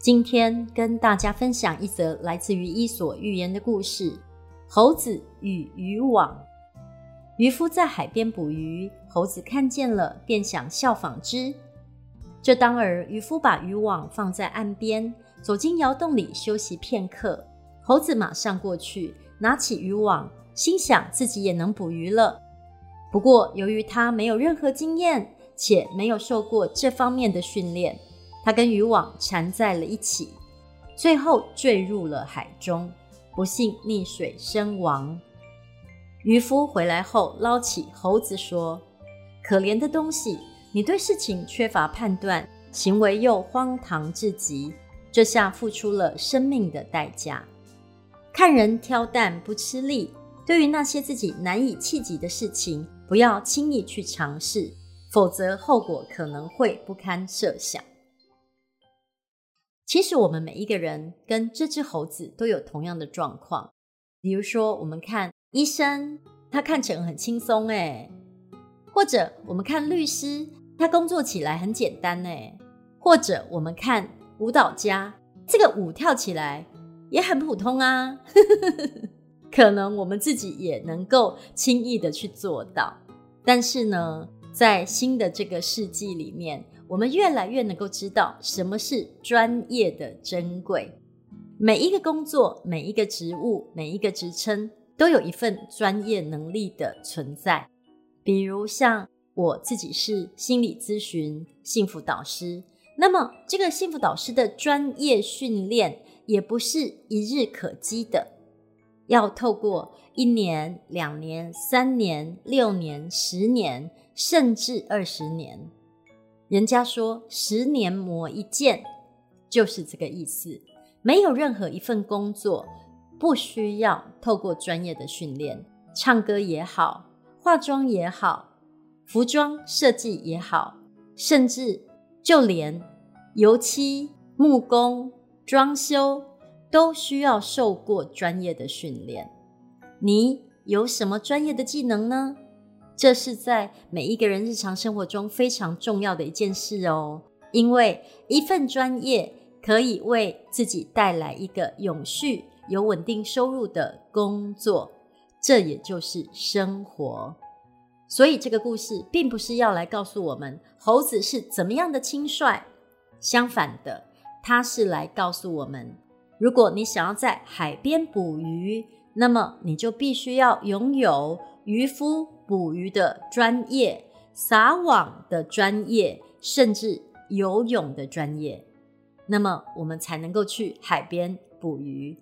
今天跟大家分享一則來自於伊索寓言的故事：猴子與漁網。漁夫在海邊捕魚，猴子看見了，便想效仿之。這當兒，漁夫把漁網放在岸邊，走進窑洞裡休息片刻。猴子馬上過去，拿起漁網，心想自己也能捕魚了。不過，由於他沒有任何經驗，且沒有受過這方面的訓練。他跟漁網纏在了一起，最後墜入了海中，不幸溺水身亡。漁夫回來後，撈起猴子說：“可憐的東西，你對事情缺乏判斷，行為又荒唐至極，這下付出了生命的代價。”看人挑擔不吃力，對於那些自己難以企及的事情，不要輕易去嘗試，否則後果可能會不堪設想。其實我們每一個人跟這隻猴子都有同樣的狀況。比如說，我們看醫生，他看診很輕鬆哎；或者我們看律師，他工作起來很簡單哎；或者我們看舞蹈家，這個舞跳起來也很普通啊。 可能我們自己也能夠輕易的去做到。但是呢，在新的這個世紀裡面，我們越來越能夠知道什麼是專業的珍貴。每一個工作、每一個職務、每一個職稱，都有一份專業能力的存在。比如像我自己是心理諮詢、幸福導師，那麼這個幸福導師的專業訓練也不是一日可及的，要透過一年、兩年、三年、六年、十年，甚至二十年。人家說“十年磨一劍”，就是這個意思。沒有任何一份工作不需要透過專業的訓練，唱歌也好，化妝也好，服裝設計也好，甚至就連油漆、木工、裝修都需要受過專業的訓練。你有什麼專業的技能呢？這是在每一個人日常生活中非常重要的一件事哦，因為一份專業可以為自己帶來一個永續、有穩定收入的工作，這也就是生活。所以這個故事並不是要來告訴我們猴子是怎麼樣的輕率，相反的，它是來告訴我們：如果你想要在海邊捕魚，那麼你就必須要擁有漁夫。捕魚的專業，撒網的專業，甚至游泳的專業，那麼我們才能夠去海邊捕魚。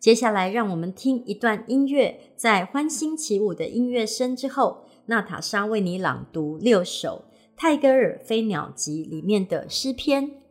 接下來，讓我們聽一段音樂，在歡欣起舞的音樂聲之後，娜塔莎為你朗讀六首泰戈爾《飛鳥集》裡面的詩篇。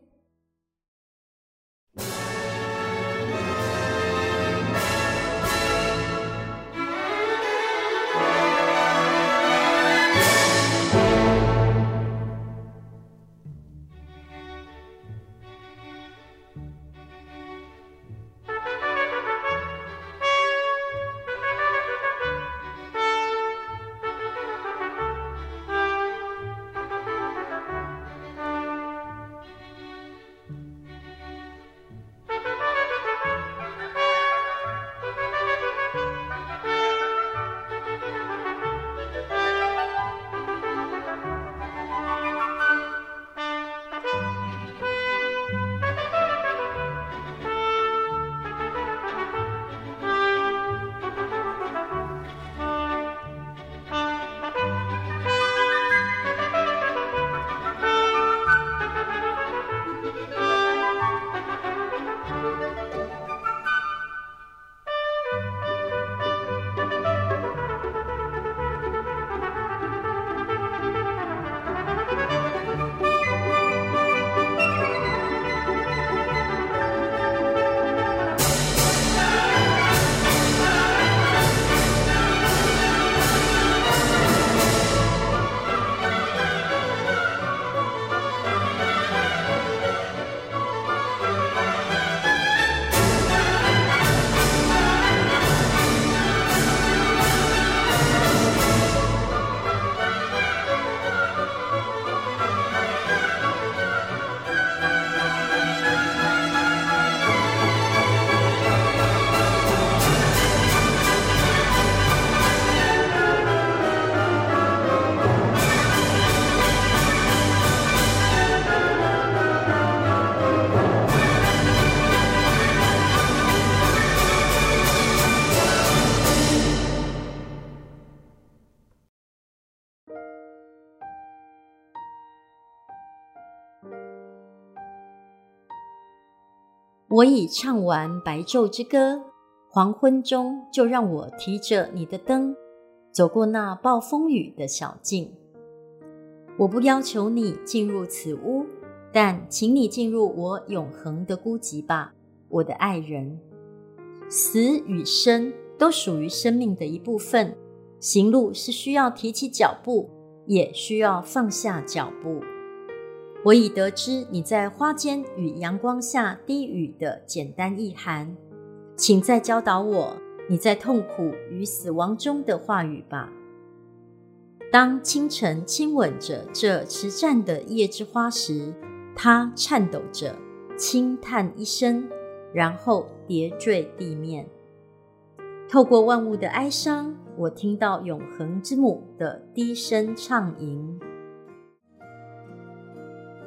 我已唱完白晝之歌，黃昏中就讓我提着你的燈，走過那暴風雨的小徑。我不要求你進入此屋，但請你進入我永恆的孤寂吧，我的愛人。死與生都屬於生命的一部分。行路是需要提起腳步，也需要放下腳步。我已得知你在花間與陽光下低語的簡單意涵，請再教導我你在痛苦與死亡中的話語吧。當清晨親吻着這遲綻的夜之花時，它顫抖着，輕嘆一聲，然後跌墜地面。透過萬物的哀傷，我聽到永恆之母的低聲唱吟。